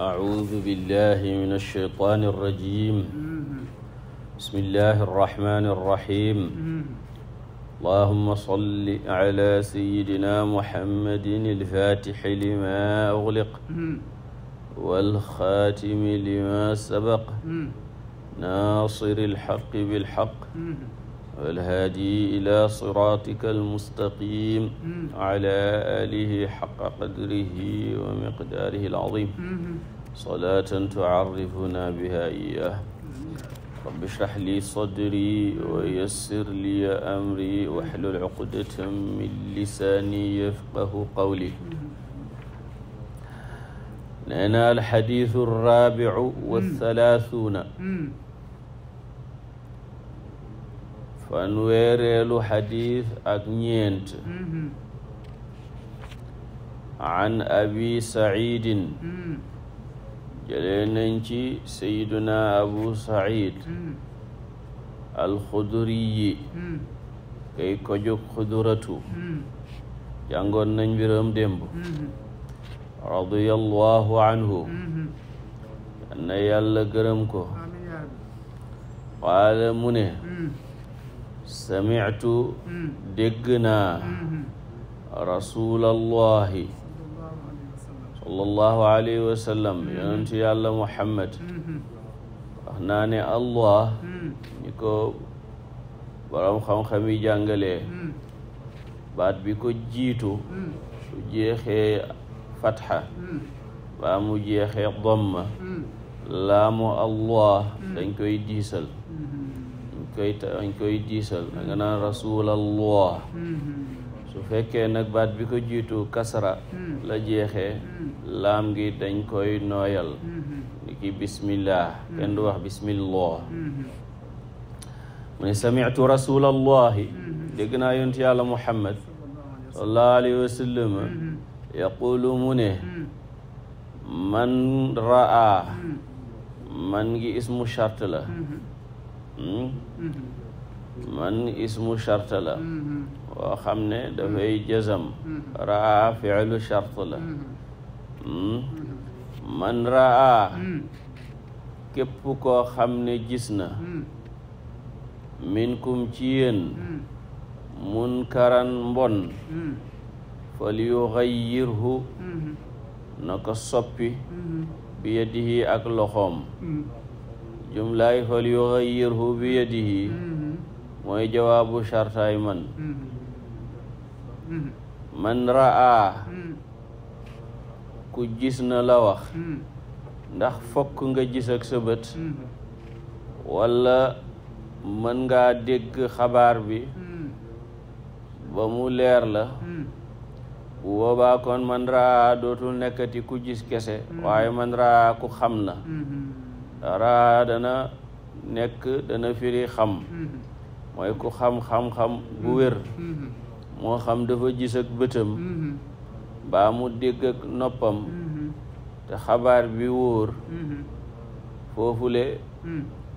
أعوذ بالله من الشيطان الرجيم بسم الله الرحمن الرحيم اللهم صل على سيدنا محمد الفاتح لما أغلق والخاتم لما سبق ناصر الحق بالحق والهادي إلى صراطك المستقيم على آله حق قدره ومقداره العظيم صلاة تعرفنا بها إياه رب اشرح لي صدري ويسر لي أمري واحلل عقدة من لساني يفقه قولي nee na alxadiisu raabicu wa thalaathuuna fanweereelu xadiis ak ñeent mm-hmm. an abi saciidin mm-hmm. jëlee nañ ci sayiduna abu saciid mm-hmm. alxuduriyi kay ko xuduratu jàngoon nañ biram démb radiyallahu anhu na yàlla gërëm ko qaala mu sami'tu dégg naa rasulallahi sallallahu alayhi wa sallam yonentu yàlla muhammad wax naa ne allah ni ko boroom xam-xam yi bi ko jiitu su fatxa baa mu jeexee damma laamu allah dañ koy diisal koy dañ koy diisal da rasulallah mm-hmm. su fekkee nag baat bi ko jiitu kasra mm-hmm. la jeexe mm-hmm. laam gi dañ koy nooyal ni ki bismillah kenn du wax bismillah mu ne sami'tu rasulallahi dégg naa yonent yàlla muhammad sallallahu alayhi wa yaqulu mu ne man raa man gi ismu shart la Hmm? man ismu shart la boo hmm. xam ne dafay hmm. jazam raa fi'lu shart la man raa képp koo xam ne gis na minkum ci yéen munkaran mbon fal yuxayyirhu na ko soppi bi yadihi ak loxoom jumlaay fal yuxayyirhu bi yadihi mm-hmm. mooy jawaabu shartaay man mm-hmm. Mm-hmm. man raa ku gis na la wax ndax fokk nga gis ak sa bët walla mën nga dégg xabaar bi ba mu leer la bu boobaa kon man raa dootul nekkati ku gis kese waaye man raa ku xam na raa dana nekk dana firi xam mm-hmm. mooy ko xam-xam-xam mm-hmm. bu wér mm-hmm. moo xam dafa gis ak bëtam baa mu dégg ak noppam te xabaar bi wóor foofule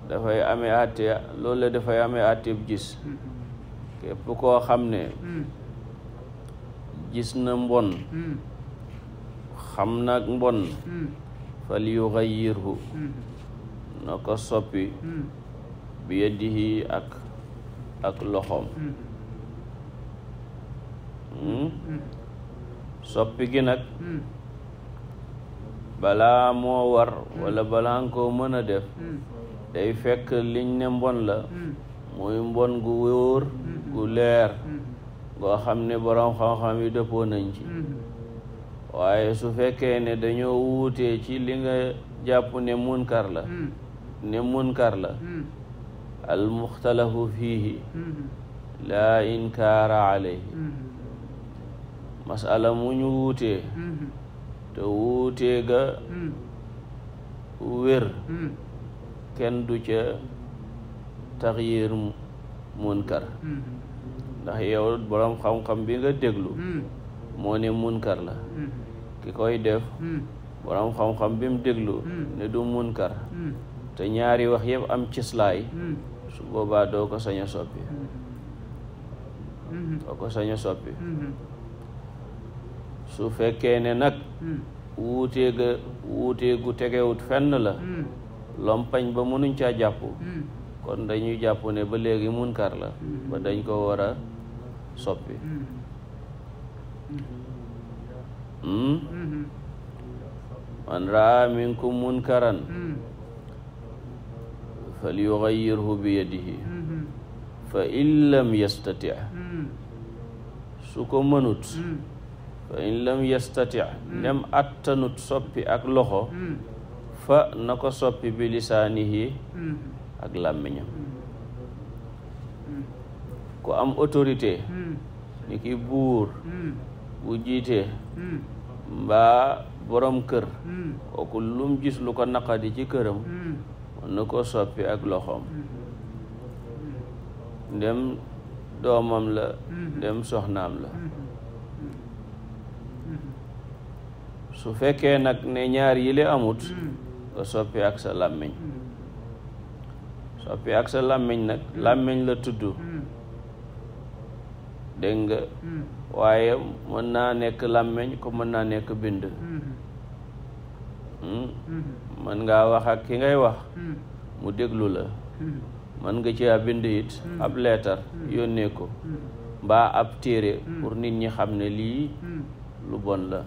dafay amee àtte loolu dafay amee àtteb gis képp koo xam ne mm. gis na mbon mm. xam na mbon mm. fal yuxayyirhu na ko soppi bi yadihi ak ak loxoom hmm? soppi gi nag balaa moo war wala balaa nga koo mën a def day fekk liñ ne mbon la muy mbon gu wóor gu leer goo xam ne boroom xam-xam yi dëppoo nañ ci waaye su fekkee ne dañoo wuutee ci li nga jàpp ne munkar la ne munkar la hmm. almuxtalafu fiihi hmm. laa inkaara alayhi hmm. masala mu ñu wuutee te wuutee ga wér kenn du ca taxyir munkar ndax yow borom xam-xam bi nga déglu moo ne munkar la ki koy def borom xam-xam bi mu déglu ne du munkar te ñaari wax yëpp am cislaay hmm. su boobaa doo ko sañ a soppi hmm. Hmm. doo ko sañ a soppi su fekkee ne nag wuutee ga wuutee gu tegewut fenn la lompañ ba mënuñ caa jàpp kon dañuy jàpp ne ba léegi munkar la ba dañ ko war a soppi man raa minkum munkaran falyughayyirhu bi yadihi fa in yastati su ko mënut fa in yastati nem attanut soppi ak loxo mm-hmm. fa na ko soppi bi lisaanihi mm-hmm. ak làmmiñam mm-hmm. ku am autorité ni ki buur bu jiite mbaa borom kër kooku lum gis lu ko naqadi ci këram na ko soppi ak loxoom ndem doomam la ndem soxnaam la su fekkee nag ne ñaar yile amut nga soppi ak sa làmmiñ soppi ak sa làmmiñ nag làmmiñ la tudd dégg nga mm. waaye mën naa nekk làmmiñ ko mën naa nekk bind mm-hmm. Hmm? man ngaa wax ak ki ngay wax mu déglu la man nga ci bind it ab leetar yónnee ko mbaa ab téere pour nit ñi xam ne lii lu bon la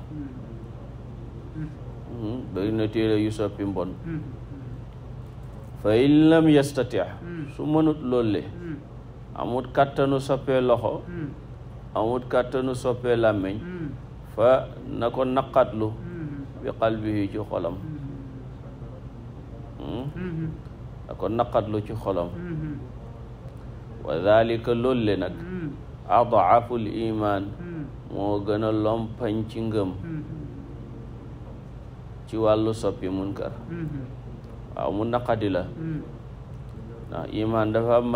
hmm? bëri téere yu soppi mbon fa in lam yastati su mënut loole amut kàttanu soppee loxo amut kàttanu soppee làmmiñ fa na ko naqatlu bi qalbihi ci xolam da hmm? mm-hmm. ko naqatlu ci xolam mm-hmm. wa dalika loolu le nag mm-hmm. adaful iman moo gën a lompañ ci ngëm ci wàllu soppi munkar waaw mu naqadi la ndax iman dafa am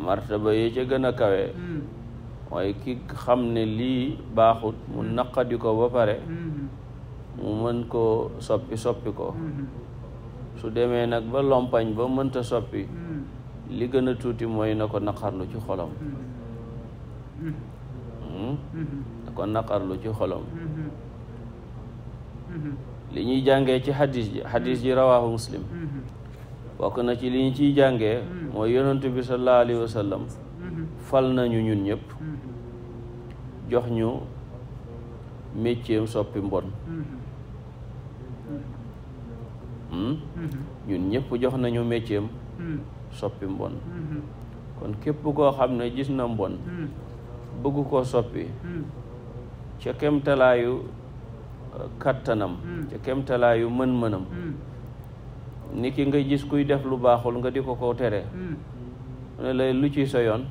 martaba yi ca gën a kawe mooy ki xam ne lii baaxut mu mm-hmm. naqadi ko ba pare mm-hmm. mu mën koo soppi soppi ko mm-hmm. su demee nag ba lompañ ba mënta soppi li gën a tuuti mooy na ko naqarlu ci xolam hmm? na ko ci xolam li ñuy jànge ci xadis ji xadis ji rawaahu muslim bokk na ci li ñu ciy jànge mooy yonentu bi sallallahu alayhi wa sallam fal nañu ñun ñëpp mm-hmm. jox ñu métier soppi mbon mm-hmm. Hmm? Mm-hmm. jox nañu métier soppi kon képp koo xam ne gis na mbon bëgg koo soppi ca kemtalaayu uh, kattanam ca kemtalaayu mën-mënam nit ki nga gis kuy def lu baaxul nga di ko ko tere ne lay lu ci sa yoon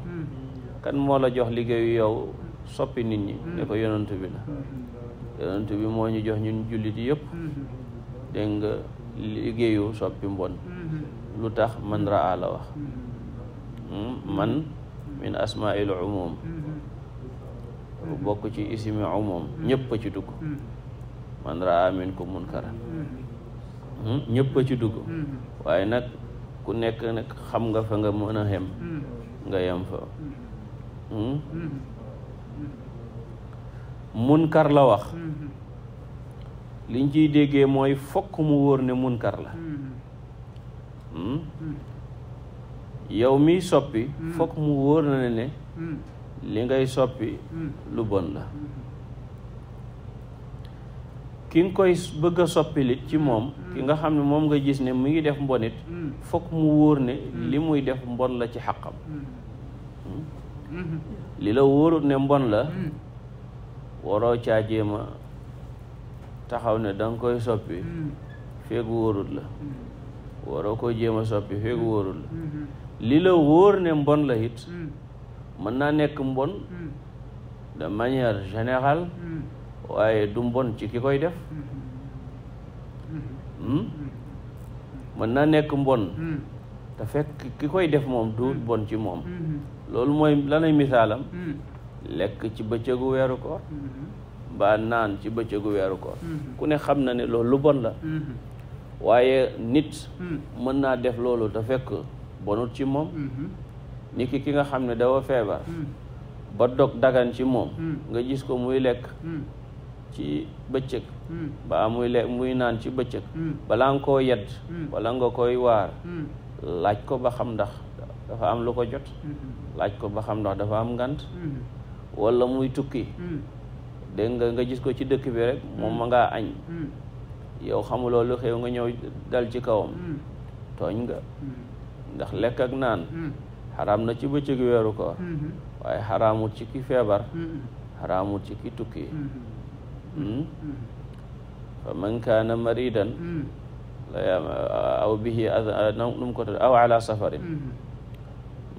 kan moo la jox liggéeyu yow soppi nit ñi mm-hmm. ne ko yonent bi la yonent bi moo ñu jox ñun jullit yëpp mm-hmm. dégg nga liggéeyu soppi mbon mm-hmm. lu tax man raa la wax mm, man min asmail umum bokk ci isimi umum ñëpp ci dugg man raa min ko munkara mm, ñëpp ci dugg waaye nag ku nekk nag xam nga fa nga mën a nga yem fa Hmm? munkar la wax liñ ciy déggee mooy fokk mu wóor ne munkar la hmm? yow miy soppi fokk mu wóor ne li ngay soppi lu bon la ki nga koy bëgg a soppilit ci moom ki nga xam ne moom nga gis ne mu ngi def mbonit fokk mu wóor ne li muy def mbon la ci xàqam hmm? Mm-hmm. li la wóorut ne mbon la mm. waroo caa jéema taxaw ne danga koy soppi mm. feeg wóorut la mm. waroo koy jéema soppi feeg wóorut la mm-hmm. li la wóor ne mbon la yit mën naa nekk mbon de manière générale waaye du mbon ci ki koy def mm-hmm. Hmm? mën naa nekk mbon te fekk ki koy def moom du mm. bon ci moom mm-hmm. loolu mooy lanay misaalam mm. lekk ci bëccëgu weeru ko mm-hmm. mbaa naan ci bëccëgu weeru ko mm-hmm. ku ne xam na ne loolu lu bon la waaye nit mm. mën naa def loolu te fekk bonut ci moom nit ki ki nga xam ne dafa feebar ba dog dagan ci moom nga gis ko muy lekk ci bëccëg mbaa muy lekk muy naan ci bëccëg balaa nga koo yedd wala nga koy waar laaj ko ba xam ndax dafa am lu ko jot mm-hmm. laaj ko ba xam ndax dafa am ngant mm-hmm. walla muy tukki mm-hmm. dégg nga nga gis ko ci dëkk bi rek moom ma ngaa añ yow xamuloo lu xew nga ñëw dal ci kawam tooñ nga ndax lekk ak naan xaraam na ci bëccëg weeru ko waaye xaraamut ci ki feebar xaraamut ci ki tukki hmm? fa man kaana maridan aw bihi nu mu ko tudd aw ala safarin mm-hmm.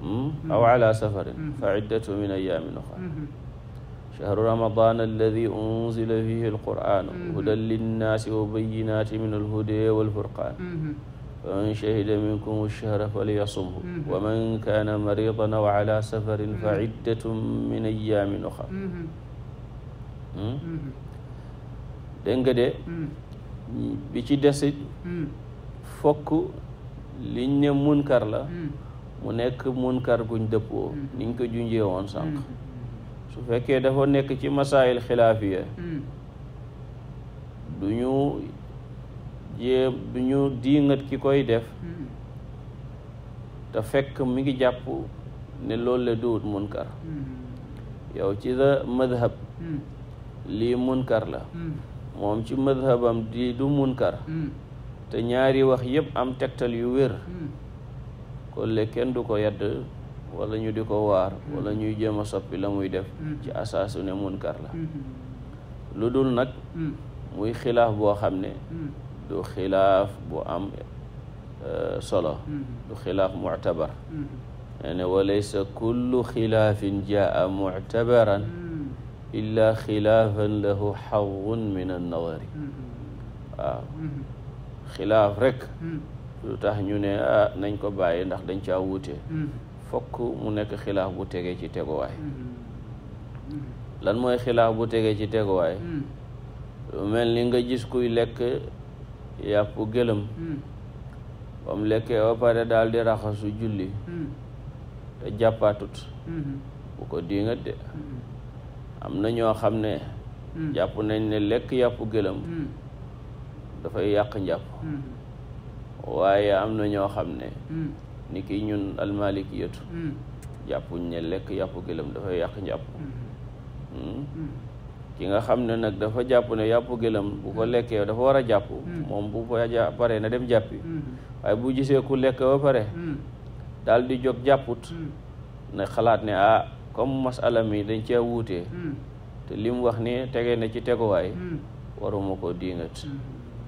Hmm? Mm-hmm. aw ala safarin mm-hmm. fa iddatu min ayaamin uxra shahru ramadan alladi unzila fihi alqur'anu hudan linnaasi wa bayinaati min alhuda walfurqaan faman shahida minkum ash-shahra falyasumhu wa man kaana maridan aw ala safarin fa iddatun min ayyaamin uxar hmm? dégg nga de bi ci desit hmm. fokk liñ ne munkar la hmm. mu nekk munkar guñ dëppoo hmm. niñ ko junjee woon sànq su fekkee dafa nekk ci masaayil xilaafiya du ñu jéem du ñu diingat ki koy def te fekk mu ngi jàpp ne loolu la duwut munkar yow ci sa madhab lii munkar la moom ci madhabam di du munkar hmm. te ñaari wax yëpp am tegtal yu wér hmm. kolle kenn du ko yedd walla ñu di ko waar hmm. wala ñuy jéem a soppi la muy def ci asaasu ne munkar la lu dul nag muy xilaaf boo xam ne du xilaaf bu am euh, solo du xilaaf muctabar nee ne walaysa kullu xilaafin jaa muctabaran illaa xilaafan lahu xawun min annawari waaw xilaaf rek mm-hmm. lu tax ñu ne ah nañ ko bàyyi ndax dañ caa wuute mm-hmm. fokk mu nekk xilaaf bu tegee ci teguwaay mm-hmm. lan mooy xilaaf bu tegee ci teguwaay mm. mel ni nga gis kuy lekk yàpp gëlëm mm. ba mu lekkee ba pare di raxasu julli mm. te jàppaatut bu ko dingat de am na ñoo xam ne hmm. jàpp nañ ne lekk yàpp gëlëm hmm. dafay yàq njàpp hmm. waaye am na ñoo xam ne ni ki ñun almalik yëtu jàppuñ ne lekk yàpp gëlëm dafay yàq njàpp ki nga xam ne nag dafa jàpp ne yàpp gëlëm bu ko lekkee dafa war a jàpp moom bu ko paree na dem jàppi waaye bu gisee ku lekk ba pare daal di jóg jàpput na xalaat ne ah comme masala dañ cee wuutee hmm. te li wax ni tegee na ci teguwaay hmm. waruma ko diingat hmm.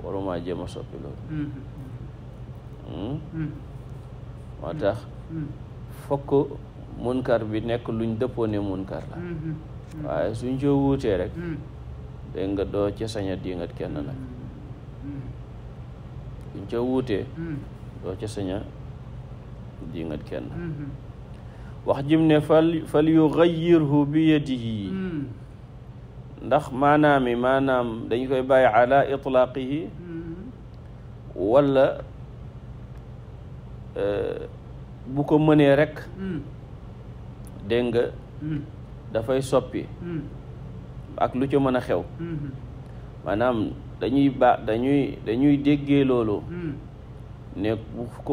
waruma jéem a soppi loolu moo tax fokk munkar bi nekk luñ dëppoo ne munkar la waaye suñ coo wuutee rek dégg nga doo ca sañ a diingat kenn nag suñ coo wuutee doo ca sañ a kenn wax jim ne fal fal yugayyirhu bi yadihi hmm. ndax maanaami maanaam dañ koy bàyyi ala itlaqihi hmm. wala euh, bu ko mënee rek hmm. dégg nga dafay soppi ak lu ca mën a xew maanaam dañuy ba dañuy dañuy déggee loolu ne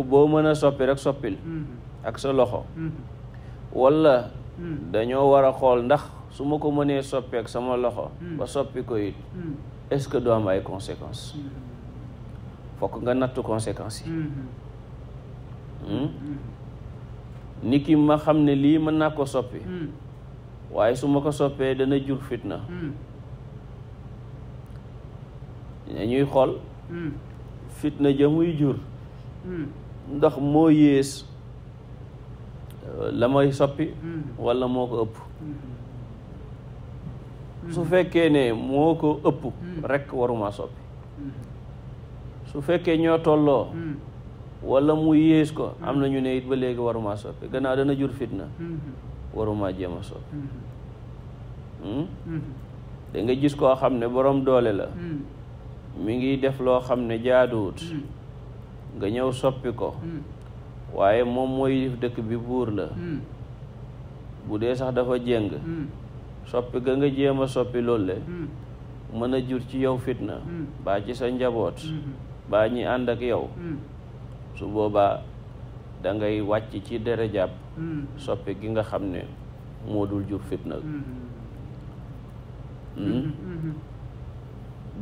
boo mën a soppi rek soppil ak sa loxo wala hmm. dañoo war a xool ndax su ma ko mënee soppeek sama loxo hmm. ba soppi ko it hmm. est-ce que du ay conséquences fokk nga nattu conséquences yi ni ki ma xam ne lii mën naa ko soppi waaye su ma ko soppee dana jur fitna ñuy xool fitna ja muy jur ndax moo yées la may soppi walla moo ko ëpp su fekkee ne moo ko ëpp rekk waruma soppi su fekkee ñoo tolloo walla mu yées ko am na ñu ne it ba léegi waruma soppi gannaaw dana jur fitna waruma jéem a soppi hmm? da nga gis koo xam ne boroom doole la mu ngi def loo xam ne jaaduwut nga ñëw soppi ko waaye moom mooy dëkk bi buur la hmm. bu dee sax dafa jéng hmm. soppi ga nga jéem a soppi loolu hmm. mën a jur ci yow fitna baa ci sa njaboot baa ñi ànd ak yow su boobaa da ngay wàcc ci dere derejab soppi gi nga xam ne moo dul jur fitna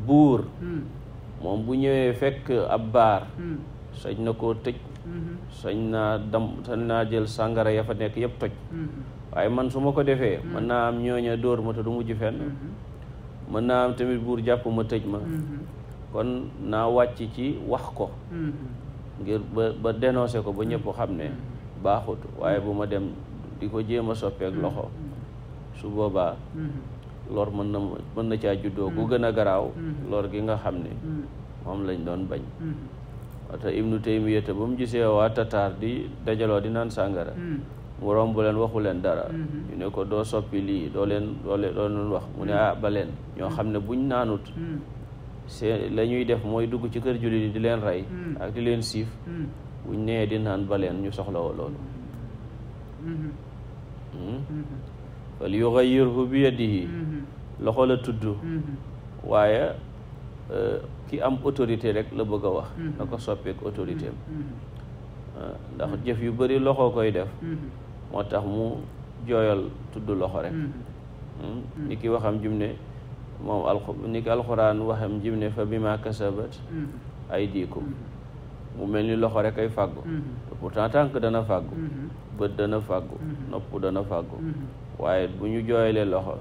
buur moom bu ñëwee fekk ab baar sañ na ko tëj Mm-hmm. sañ naa dam sañ naa jël sàngara ya fa nekk yëpp toj mm-hmm. waaye man su ma ko defee mm-hmm. mën naa am ñooña dóor ma te du mujj fenn mën naa am tamit buur jàpp ma tëj ma kon naa wàcc ci wax ko ngir ba ba ko ba ñëpp xam ne baaxut waaye bu ma dem di ko jéem a soppeek loxo su boobaa lor mën na mën na caa juddoo gu gën a garaaw lor gi nga xam ne moom lañ doon bañ wata ibnu taymiyata ba mu gisee waa tataar di dajaloo di naan sàngara mu hmm. romb leen waxu leen dara hmm. ñu ne ko doo soppi lii doo leen doo leen doo leen wax mu ne hmm. ah ba leen ñoo xam ne buñ naanut see la def mooy dugg ci kër jullit yi di leen rey ak di leen siif buñ nee di naan ba leen ñu soxlawoo loolu fal yuxayirhu bi yadihi loxo la tudd waaye ki am autorité rek la bëgg a wax mm-hmm. na ko soppeek autorité mm-hmm. euh, ndax jëf yu bari loxo koy def mm-hmm. moo tax mu jooyal tudd loxo rek hmm? ni ki waxam jim ne moom alxu ni alxuraan waxam jim ne fa bi ma kasabat ay diikum mu mel ni loxo rek ay fàggu te pourtant tànk dana fàggu bët dana fàggu nopp dana fàggu waaye bu ñu jooyalee loxo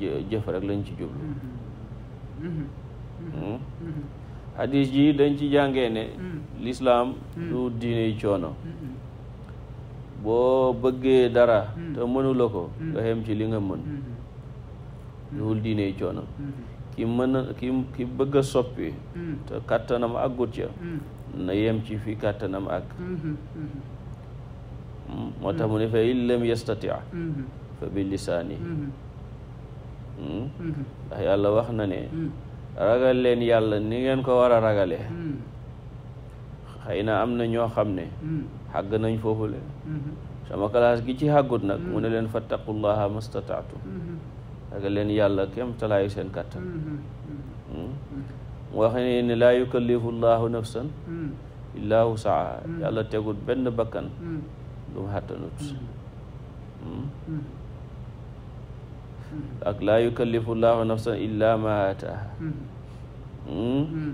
jëf rek lañ ci jublu Hmm. hadis ji dañ ci jàngee ne hmm. lislaam hmm. du diine coono boo bëggee dara te mënula ko nga xem ci li nga mën duul diine coono ki mën a ki ki a soppi te kàttanam àggut ca na yem ci fi kàttanam àgg moo tax mu ne fa in lam fa bi lisaani ndax yàlla wax na ne ragal leen yàlla ni ngeen ko war a ragale hmm. xëy na am na ñoo xam ne hmm. xàgg nañ foofu le hmm. sama gi ci xàggut nag mu ne leen fattaqullaha mastataatum ragal leen yàlla kem talaayu seen kàttan mu wax ne ne laa yukallifu llahu nafsan illaa wusaa yàlla tegut benn bakkan lu mu xàttanut ak laa yukallifu llaahu nafsan illa ma ataaha hmm?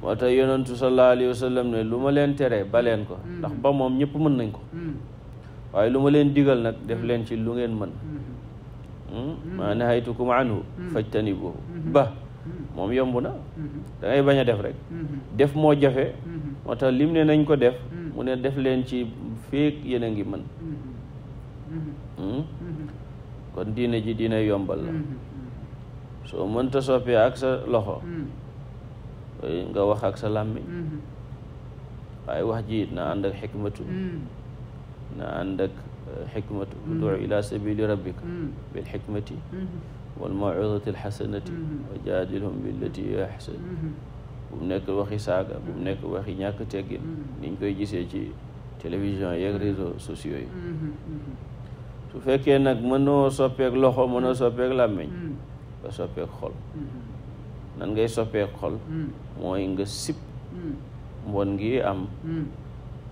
moo tax yonentu sallallahu alayhi ne lu ma leen tere baleen ko ndax ba moom ñépp mën nañ ko waaye lu ma leen digal nag def leen ci lu ngeen mën hmm? maa nahaytukum anhu fajtanibuhu ba moom yomb na da bañ a def rek def moo jafe moo tax lim ne nañ ko def mu ne def leen ci féeg yéen a ngi mën hmm? kon diine ji dina yombal la mm-hmm. soo mënta soppee ak sa loxo mm-hmm. eh, nga wax ak sa làmmiñ mm-hmm. waaye wax ji it na ànd ak xikmatu na ànd ak eh, xikmatu udu ila sabili rabbika bil xikmati wal mawidati alxasanati wa jaadilhum billati hiya ahsan bu mu nekk waxi saaga bu mu nekk waxi ñàkk teggin niñ koy gisee ci télévision yeeg réseaux sociaux yi su fekkee nag mënoo soppeek loxo mënoo soppeek làmmiñ mm. nga soppeek xol mm-hmm. nan ngay soppeek xol mm. mooy nga sip mm. mbon gi am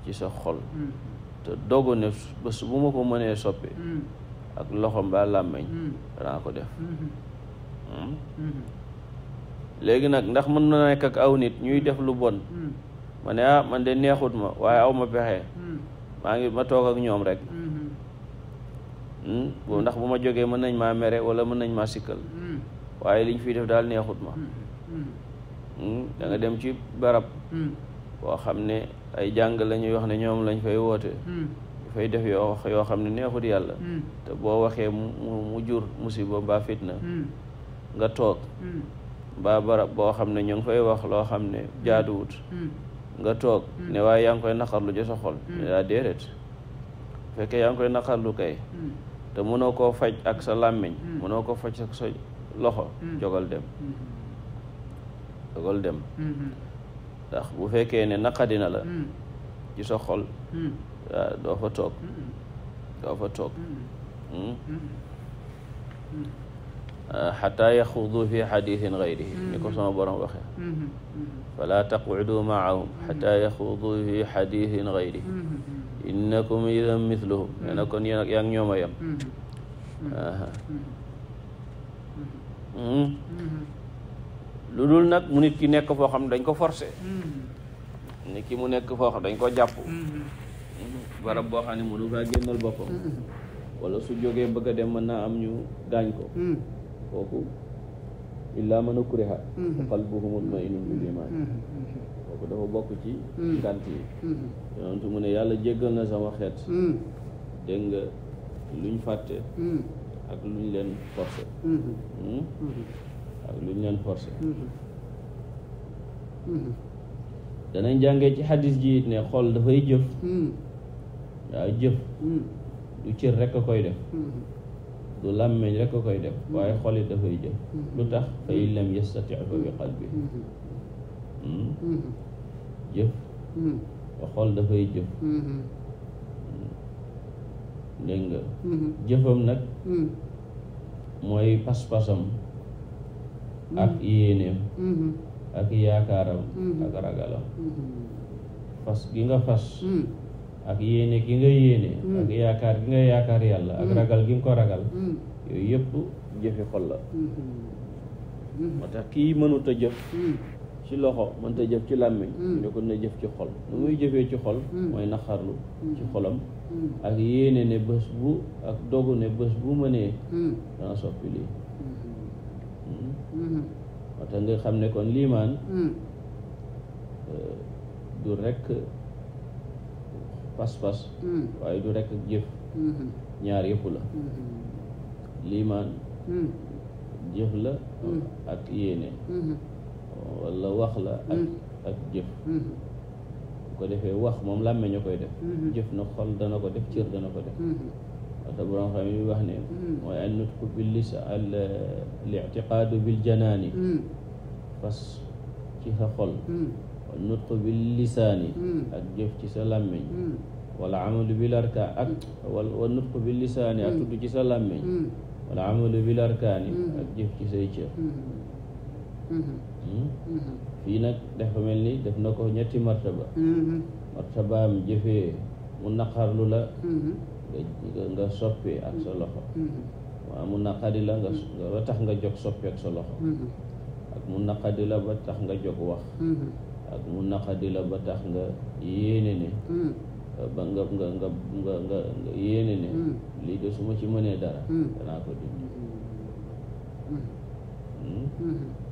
ci sa xol te dogu ne bés bu ma ko mënee soppe ak loxo mbaa làmmiñ danaa ko def mm-hmm. Hmm? Mm-hmm. léegi nag ndax mën na nekk ak aw nit ñuy def lu bon ma ne ah man de neexut ma waaye aw ma pexe maa ngi ma toog ak ñoom rek Hmm? ndax bu ma jogee mën nañ maa mere wala mën nañ maa sikkal hmm. waaye liñ fiy def daal neexut ma hmm. da dem ci barab boo xam ne ay jàng la ñuy wax ne ñoom lañ fay woote fay def yoo xam ne neexut yàlla te boo waxee mu mu jur musiba mbaa fitna nga toog mbaa barab boo xam ne ñu ngi fay wax loo xam ne jaaduwut nga toog ne waaye yaa ngi koy naqarlu ja sa xol daa déedéet fekkee yaa ngi koy naqarlu kay te mënoo koo faj ak sa làmmiñ hmm. mënoo koo faj ak sa loxo hmm. jogal dem hmm. jogal dem ndax bu fekkee ne naqadina la ci sa xol waaw doo ah, fi xadiisin gayrihi ni ko sama borom waxee falaa taqudu maahum xataa yaxudu fi xadiisin gayrihi innakum idan mithluhum hmm. nee na kon yéen ak yaa ngi ñoom hmm. hmm. a yem lu dul nag mu nit ki nekk foo xam ne dañ ko forcé nit ki mu nekk foo xam dañ ko jàpp barab boo xam ne mënu faa génnal boppam wala su jógee bëgg a dem mën naa am ñu gaañ ko kooku illaa man ukriha qalbuhu mutma'innun bil iman kooku dafa bokk ci ngànt hmm. yi hmm. yonentu mu ne yàlla jéggal na sama xeet hmm. dégg nga luñ fàtte ak luñ leen forcé leen forcé danañ jàngee ci xadis ji ne xol dafay jëf waaw jëf du cër rekk a koy def du làmmeñ rekk a koy def waaye xol it dafay jëf lu tax fa in lam fa bi qalbi jëf hmm. xol dafay jëf hmm. dégg nga hmm. jëfam nag mooy pas-pasam ak yéeneem ak yaakaaram ak ragalam fas gi nga fas ak yéene gi nga yéene ak yaakaar gi nga yaakaar yàlla ak ragal gi nga ko ragal yooyu yëpp jëfi xol la moo tax kii mënut jëf ci loxo mënta jëf ci làmmiñ hmm. ñu ne ko na jëf ci xol nu muy jëfee ci xol hmm. mooy naqarlu hmm. ci xolam ak yéene ne bés bu ak dogu ne bés bu mënee dana soppi lii moo tax nga xam ne kon liimaan euh, du rekk pas-pas waaye du rekk jëf ñaar yëpp la liimaan jëf la ak yéene wala wax la ak hmm. ak hmm. ko defee wax moom làmmeñ a koy def hmm. jëf na xol dana ko def cër dana ko def te borom xam yi wax ne mooy an nutqu bil lisan al ictiqaadu bil janaani fas ci sa xol an nutqu bil lisaani ak jëf ci sa làmmeñ wala amalu bil arkaan ak wala tudd ci sa làmmeñ wala amalu bil ak jëf ci say Hmm? Mhm. Mhm. fii nag dafa mel ni def na ko ñetti martaba mhm. martabaam jëfee mu naqarlu la nga nga ak sa loxo waaw mu naqadi la nga ba tax nga jóg soppi ak sa loxo ak mu naqadi la ba tax nga jóg wax ak mu naqadi la ba tax nga yéene ne ba nga nga nga nga yéene ne lii de su ma ci mënee dara danaa ko dindi hmm?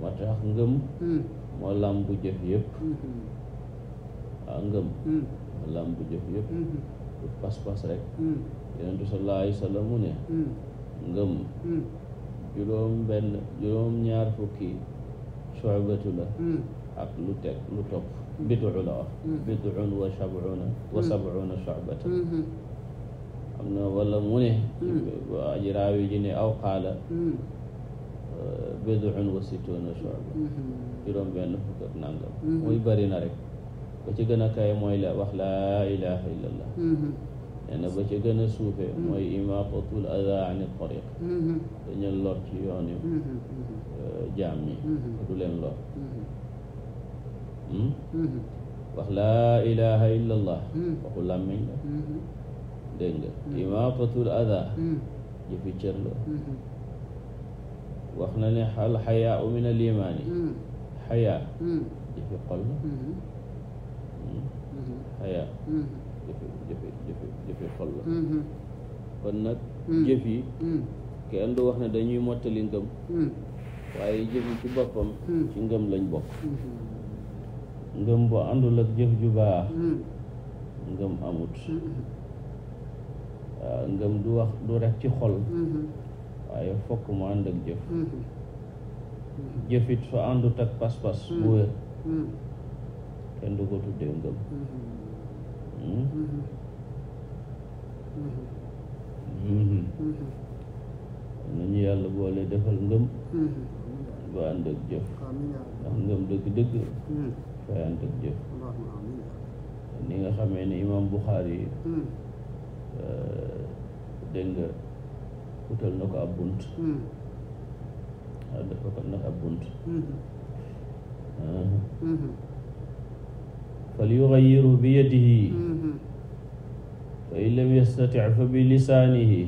moo tax ngëm hmm. moo làmbu jëf yëpp hmm. waaw ngëm hmm. moo làmbu jëf yëpp du pas-pas rek yonentu sallallahu alayhi wa sallam mu ne ngëm juróom benn juróom ñaar fukki shu'batu la ak lu teg lu topp bidu la wax bidun wa sabuna wa sabuna shu'bata am na wala mu ne waa aji raawi ji ne aw qaala biduun wa situuna shu'ba mm-hmm. juróom benn fukk ak nàngam mm-hmm. muy bari na rek ba ci gën a kawe mooy la wax laa ilaha illallah mm-hmm. nee na ba ci gën a suufe mooy imaatatul ada an tariq dañu lor ci yoonu jaam leen lor hmm? wax laa ilaha illallah waxu làmmiñ la dégg nga imaatatul ada jëfi wax na ne al xayaa min al imaani xayaa mm. mm. jëfe xol la xayaa jëfe jëfe jëfe jëfe xol la mm-hmm. kon nag mm. jëf yi kenn du wax ne dañuy mottali ngëm waaye jëf yi ci boppam ci ngëm lañ bokk mm-hmm. ngëm bu àndul ak jëf ju baax ngëm amut mm-hmm. waaw ngëm du wax du rek ci xol waaye fokk mu ànd ak jëf mm-hmm. mm-hmm. jëfit su àndut ak pas-pas bu mm-hmm. wér kenn du ko tuddee ngëm hmm? nañu yàlla boole defal ngëm ba ànd jëf ndax ngëm dëgg-dëgg fay ànd jëf ni nga xamee ne imam Buxaari euh, dégg utal na ko ab bunt hmm. waaw dafa ko nag ab bunt hmm. hmm. fal yugayiru bi yadihi fa in lam yastati fa bi lisaanihi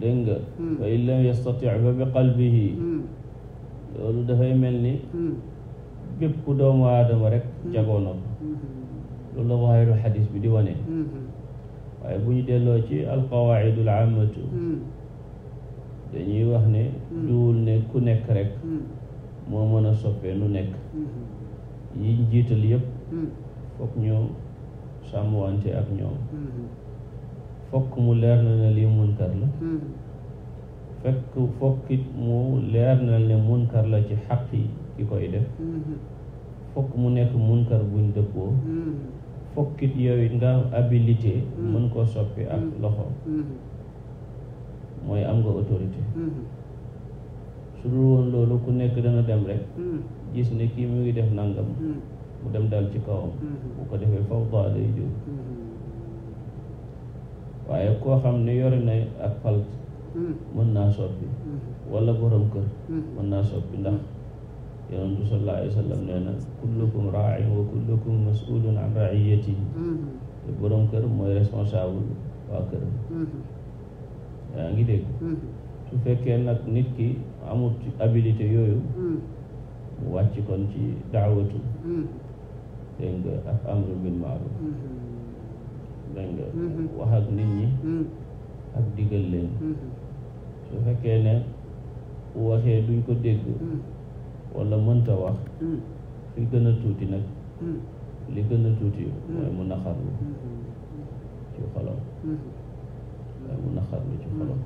dégg nga fa in lam yastati fa bi qalbihi loolu dafay mel ni bépp doomu aadama rek jagoo na ko loolu la waayiru xadis bi di wane waaye bu ñu delloo ci alqawaidul amatu hmm. dañuy wax ne hmm. duwul ne ku nekk rekk hmm. moo mën a soppee nu nekk yiñ jiital yëpp fokk ñoo sàmmwante ak ñoom fokk mu leer na ne munkar la fekk fokkit mu leer na ne munkar la ci xaq yi ki koy def fokk mu nekk munkar buñ dëppoo fokkit yooyu nga abilité mm. mën koo soppi ak mm. loxo mm-hmm. mooy am nga autorité mm-hmm. su dul woon loolu ku nekk dana dem rek mm. gis ne kii mu ngi def nangam mu dem dal ci kawam mm-hmm. bu ko defee fawda lay jur waaye koo xam ne yore na ak fal mën naa soppi walla borom kër mën naa soppi ndax yonent bi sallallahu alayhi mm-hmm. mm-hmm. ngi dégg mm-hmm. su nag nit ki amut habilité yooyu mu wàcc kon ci daawatu dégg ak amru bil maaruf dégg wax ak nit ñi ak digal leen su fekkee ne waxee duñ ko dégg wala mënta wax hmm. hmm. li gën a tuuti nag li gën a tuuti mooy mu naxarlu hmm. ci xolam mooy mu naxarlu ci xolam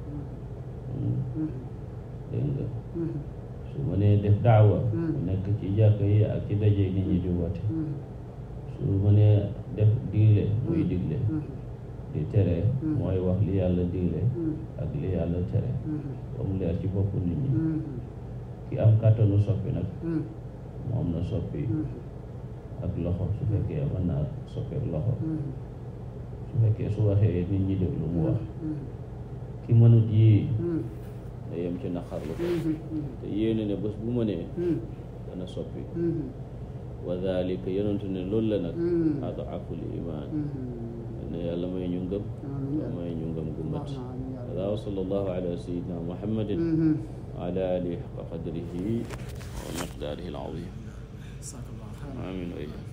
dégg nga su ma nee def daawa mu nekk ci jàkka yi ak ci daje nit ñi di woote su ma nee def digle muy digle di tere mooy wax li yàlla digle ak li yàlla tere ba leer ci bopp nit ñi ki am kàttanu soppi nag hmm. moom na soppi hmm. ak loxo su fekkee mën soppi ak loxo hmm. su fekkee su waxee nit ñi déglu mu wax ki mënut yii da yem ci naqarlu ko te ne bés bu mënee dana soppi wa dalika yonentu ne loolu la nag adaful iman ne yàlla may ñu ngëm may ñu ngëm gu mat wa ala alihi wa qadrihi wa miqdaarihi al-aziim amiin